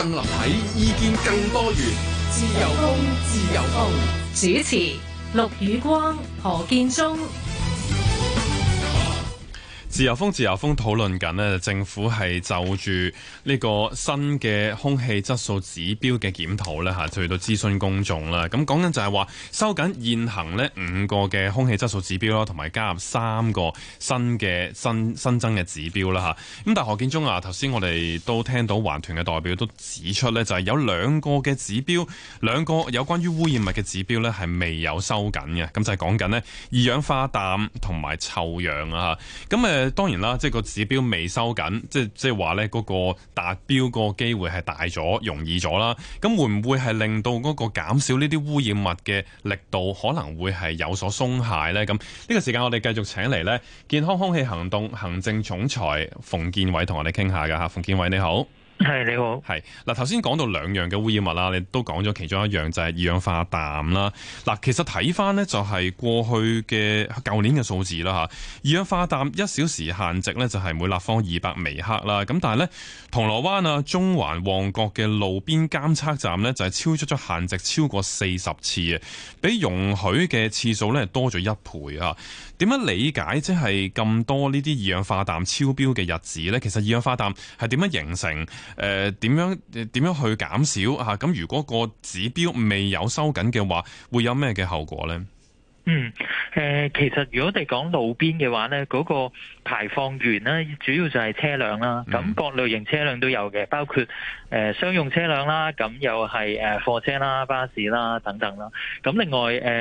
更立體，意見更多元，自由風，自由風。主持：陸宇光、何建中。自由風，自由風，討論緊咧，政府係就住呢個新嘅空氣質素指標嘅檢討呢嚇，就去到諮詢公眾啦。咁講緊就係話收緊現行呢五個嘅空氣質素指標咯，同埋加入三個新嘅新新增嘅指標啦，吓咁但馮建瑋啊，頭先我哋都聽到環團嘅代表都指出呢就係、是、有兩個嘅指標，兩個有關於污染物嘅指標呢係未有收緊嘅。咁就係講緊呢二氧化氮同埋臭氧啊，嚇。咁誒。當然啦，即係個指標未收緊，即係即係話呢嗰個達標個機會係大咗，容易咗啦。咁會唔會係令到嗰個減少呢啲污染物嘅力度可能會係有所鬆懈呢？咁呢個時間我哋繼續請嚟呢健康空氣行動行政總裁馮建瑋同我哋傾下㗎。吓，馮建瑋你好。係你好，係嗱。頭先講到兩樣嘅污染物啦，你都講咗其中一樣就係、是、二氧化氮啦。嗱，其實睇翻呢，就係過去嘅舊年嘅數字啦吓。二氧化氮一小時限值呢，就係每立方二百微克啦。咁但係呢，銅鑼灣啊、中環旺角嘅路邊監測站呢，就係超出咗限值超過四十次啊，比容許嘅次數呢多咗一倍啊。點樣理解即係咁多呢啲二氧化氮超標嘅日子呢？其實二氧化氮係點樣形成？誒，點樣點樣去減少啊？咁如果個指標未有收緊嘅話，會有咩嘅後果呢？嗯，誒，其實如果我哋講路邊嘅話呢，嗰個排放源呢，主要就係車輛啦，咁各類型車輛都有嘅，包括誒商用車輛啦，咁又係誒貨車啦、巴士啦等等啦。咁另外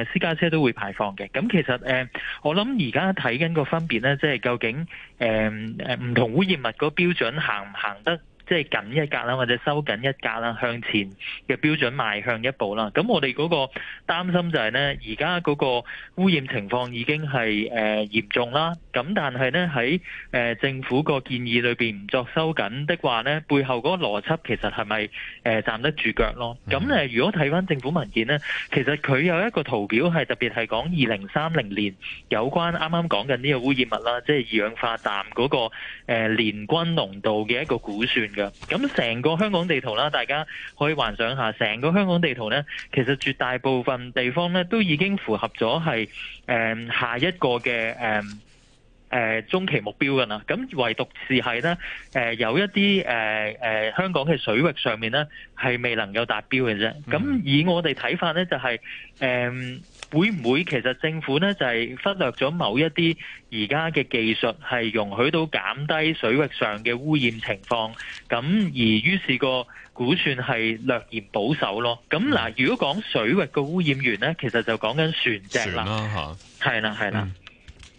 誒私家車都會排放嘅。咁其實誒，我諗而家睇緊個分別呢，即係究竟誒誒唔同污染物個標準行唔行得？即係緊一格啦，或者收緊一格啦，向前嘅標準邁向一步啦。咁我哋嗰個擔心就係咧，而家嗰個污染情況已經係誒嚴重啦。咁但係咧喺誒政府個建議裏邊唔作收緊的話咧，背後嗰個邏輯其實係咪誒站得住腳咯？咁咧，如果睇翻政府文件咧，其實佢有一個圖表係特別係講二零三零年有關啱啱講緊呢個污染物啦，即係二氧化氮嗰個誒年均濃度嘅一個估算。嘅，咁成個香港地圖啦，大家可以幻想下，成個香港地圖呢，其實絕大部分地方呢，都已經符合咗係誒下一個嘅誒誒中期目標噶啦。咁唯獨是係呢，誒、呃、有一啲誒誒香港嘅水域上面呢，係未能夠達標嘅啫。咁以我哋睇法呢，就係、是、誒。呃會唔會其實政府呢就係忽略咗某一啲而家嘅技術係容許到減低水域上嘅污染情況，咁而於是個估算係略嫌保守咯。咁嗱，如果講水域嘅污染源呢，其實就講緊船隻啦，係啦係啦，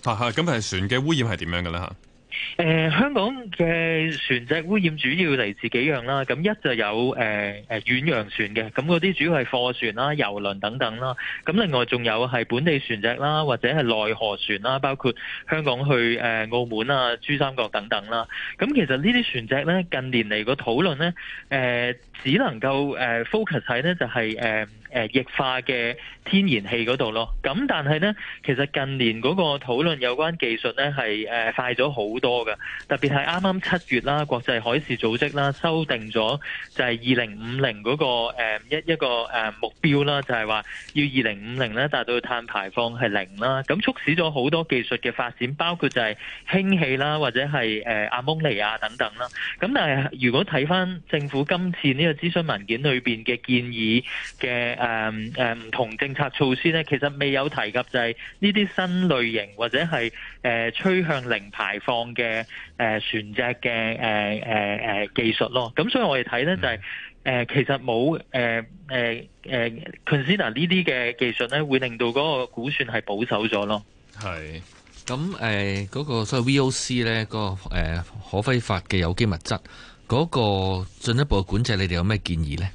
咁係、嗯啊、船嘅污染係點樣嘅呢？吓？誒、呃、香港嘅船隻污染主要嚟自幾樣啦，咁一就有誒誒、呃、遠洋船嘅，咁嗰啲主要係貨船啦、油輪等等啦，咁另外仲有係本地船隻啦，或者係內河船啦，包括香港去誒、呃、澳門啊、珠三角等等啦。咁其實呢啲船隻咧，近年嚟個討論咧，誒、呃、只能夠誒 focus 喺咧就係、是、誒。呃誒液化嘅天然氣嗰度咯，咁但係呢，其實近年嗰個討論有關技術呢係誒快咗好多㗎。特別係啱啱七月啦，國際海事組織啦修訂咗就係二零五零嗰個一一個誒目標啦，就係話要二零五零呢達到碳排放係零啦，咁促使咗好多技術嘅發展，包括就係氫氣啦，或者係誒阿蒙尼亞等等啦。咁但係如果睇翻政府今次呢個諮詢文件裏面嘅建議嘅，誒誒唔同政策措施咧，其實未有提及就係呢啲新類型或者係誒趨向零排放嘅誒、呃、船隻嘅誒誒誒技術咯。咁所以我哋睇咧就係、是、誒、呃、其實冇誒誒誒 consider 呢啲嘅技術咧，會令到嗰個估算係保守咗咯。係。咁誒嗰個所謂 VOC 咧，嗰、那個、呃、可揮發嘅有機物質嗰、那個進一步嘅管制，你哋有咩建議咧？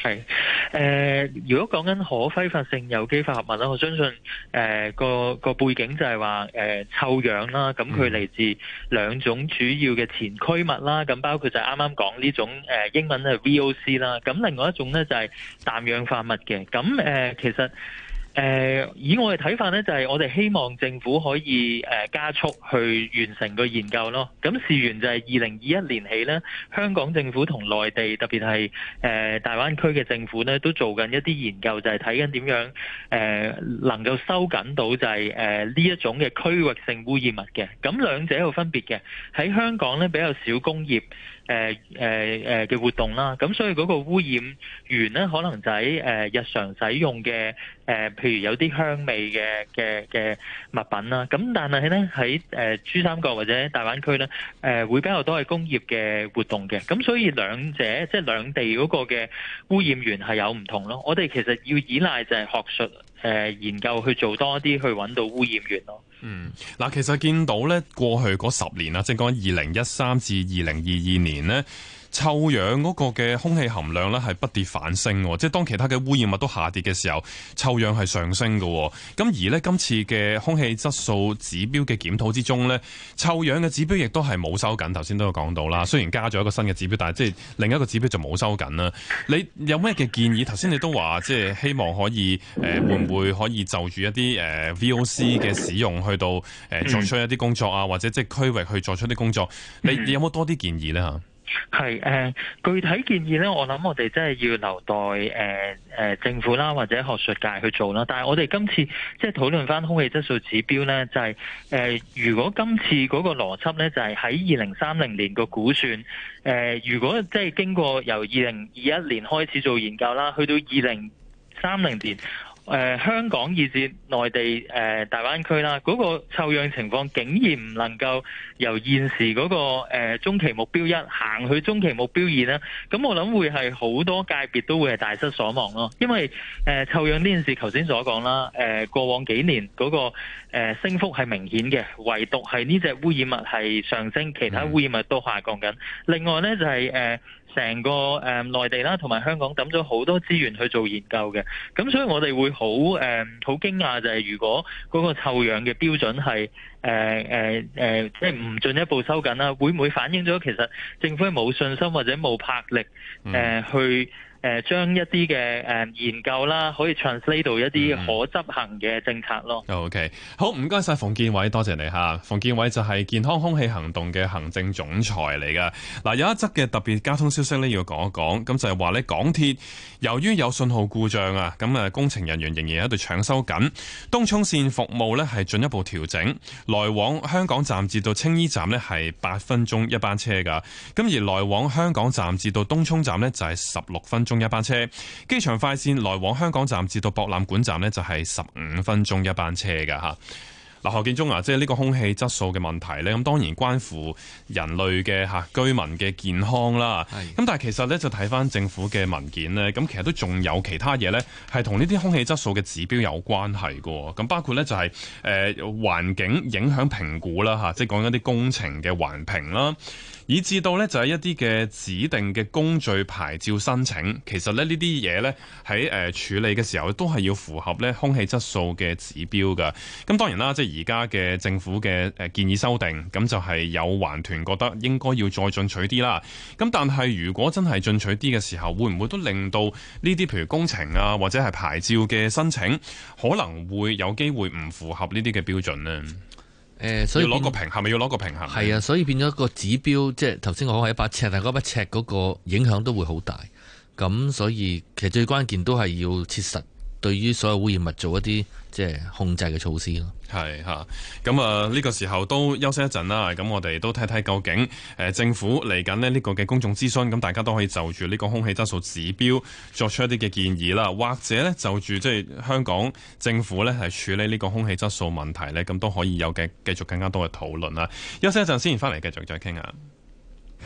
係，誒、呃，如果講緊可揮發性有機化合物啦，我相信，誒、呃，個個背景就係話，誒、呃，臭氧啦，咁佢嚟自兩種主要嘅前驅物啦，咁包括就係啱啱講呢種，誒、呃，英文係 VOC 啦，咁另外一種咧就係氮氧化物嘅，咁，誒、呃，其實。誒以我嘅睇法咧，就係我哋希望政府可以誒加速去完成個研究咯。咁事緣就係二零二一年起咧，香港政府同內地特別係誒大灣區嘅政府咧，都做緊一啲研究，就係睇緊點樣誒能夠收緊到就係誒呢一種嘅區域性污染物嘅。咁兩者有分別嘅，喺香港咧比較少工業誒誒誒嘅活動啦，咁所以嗰個污染源咧可能就喺誒日常使用嘅誒。例如有啲香味嘅嘅嘅物品啦，咁但係咧喺誒珠三角或者大灣區咧，誒、呃、會比較多係工業嘅活動嘅，咁所以兩者即係兩地嗰個嘅污染源係有唔同咯。我哋其實要依賴就係學術誒、呃、研究去做多啲去揾到污染源咯。嗯，嗱，其實見到咧過去嗰十年啦，即係講二零一三至二零二二年咧。臭氧嗰個嘅空氣含量咧係不跌反升，即係當其他嘅污染物都下跌嘅時候，臭氧係上升嘅。咁而呢，今次嘅空氣質素指標嘅檢討之中呢，臭氧嘅指標亦都係冇收緊。頭先都有講到啦，雖然加咗一個新嘅指標，但係即係另一個指標就冇收緊啦。你有咩嘅建議？頭先你都話即係希望可以誒、呃、會唔會可以就住一啲誒 VOC 嘅使用去到誒作出一啲工作啊，嗯、或者即係區域去作出啲工作？你有冇多啲建議呢？吓？係誒、呃，具體建議呢，我諗我哋真係要留待誒誒、呃呃、政府啦，或者學術界去做啦。但係我哋今次即係、就是、討論翻空氣質素指標呢，就係、是、誒、呃，如果今次嗰個邏輯呢，就係喺二零三零年個估算誒、呃，如果即係經過由二零二一年開始做研究啦，去到二零三零年。誒香港以至內地誒大灣區啦，嗰個臭氧情況竟然唔能夠由現時嗰個誒中期目標一行去中期目標二呢，咁我諗會係好多界別都會係大失所望咯。因為誒臭氧呢件事頭先所講啦，誒過往幾年嗰個誒升幅係明顯嘅，唯獨係呢隻污染物係上升，其他污染物都下降緊。另外呢就係誒成個誒內地啦，同埋香港抌咗好多資源去做研究嘅，咁所以我哋會。好誒，好驚訝就係如果嗰個臭氧嘅標準係誒誒誒，即係唔進一步收緊啦，會唔會反映咗其實政府係冇信心或者冇魄力誒去？誒將一啲嘅研究啦，可以 translate 到一啲可執行嘅政策咯、嗯。OK，好唔該曬馮建瑋，多謝，謝你嚇。馮建瑋就係健康空氣行動嘅行政總裁嚟噶。嗱，有一則嘅特別交通消息呢，要講一講。咁就係話呢港鐵由於有信號故障啊，咁啊工程人員仍然喺度搶修緊。東涌線服務呢，係進一步調整，來往香港站至到青衣站呢，係八分鐘一班車噶。咁而來往香港站至到東涌站呢，就係十六分。中一班車，機場快線來往香港站至到博覽館站呢，就係十五分鐘一班車噶吓。嗱，馮建瑋啊，即係呢個空氣質素嘅問題呢，咁當然關乎人類嘅吓、啊、居民嘅健康啦。咁的但係其實呢，就睇翻政府嘅文件呢，咁其實都仲有其他嘢呢，係同呢啲空氣質素嘅指標有關係噶。咁包括呢、就是，就係誒環境影響評估啦吓、啊，即係講緊啲工程嘅環評啦。以至到呢，就係一啲嘅指定嘅工序牌照申請，其實咧呢啲嘢呢，喺誒處理嘅時候都係要符合呢空氣質素嘅指標㗎。咁當然啦，即係而家嘅政府嘅建議修訂，咁就係、是、有環團覺得應該要再進取啲啦。咁但係如果真係進取啲嘅時候，會唔會都令到呢啲譬如工程啊或者係牌照嘅申請可能會有機會唔符合呢啲嘅標準呢？誒、呃，所以要攞個平衡，係咪要攞個平衡？係啊，所以變咗一個指標，即係頭先我講係一把尺，但係嗰把尺嗰個影響都會好大。咁所以其實最關鍵都係要切實。對於所有污染物做一啲即係控制嘅措施咯，係吓，咁啊，呢個時候都休息一陣啦，咁我哋都睇睇究竟誒政府嚟緊咧呢個嘅公眾諮詢，咁大家都可以就住呢個空氣質素指標作出一啲嘅建議啦，或者呢就住即係香港政府呢係處理呢個空氣質素問題呢，咁都可以有嘅繼續更加多嘅討論啦。休息一陣先，翻嚟繼續再傾下。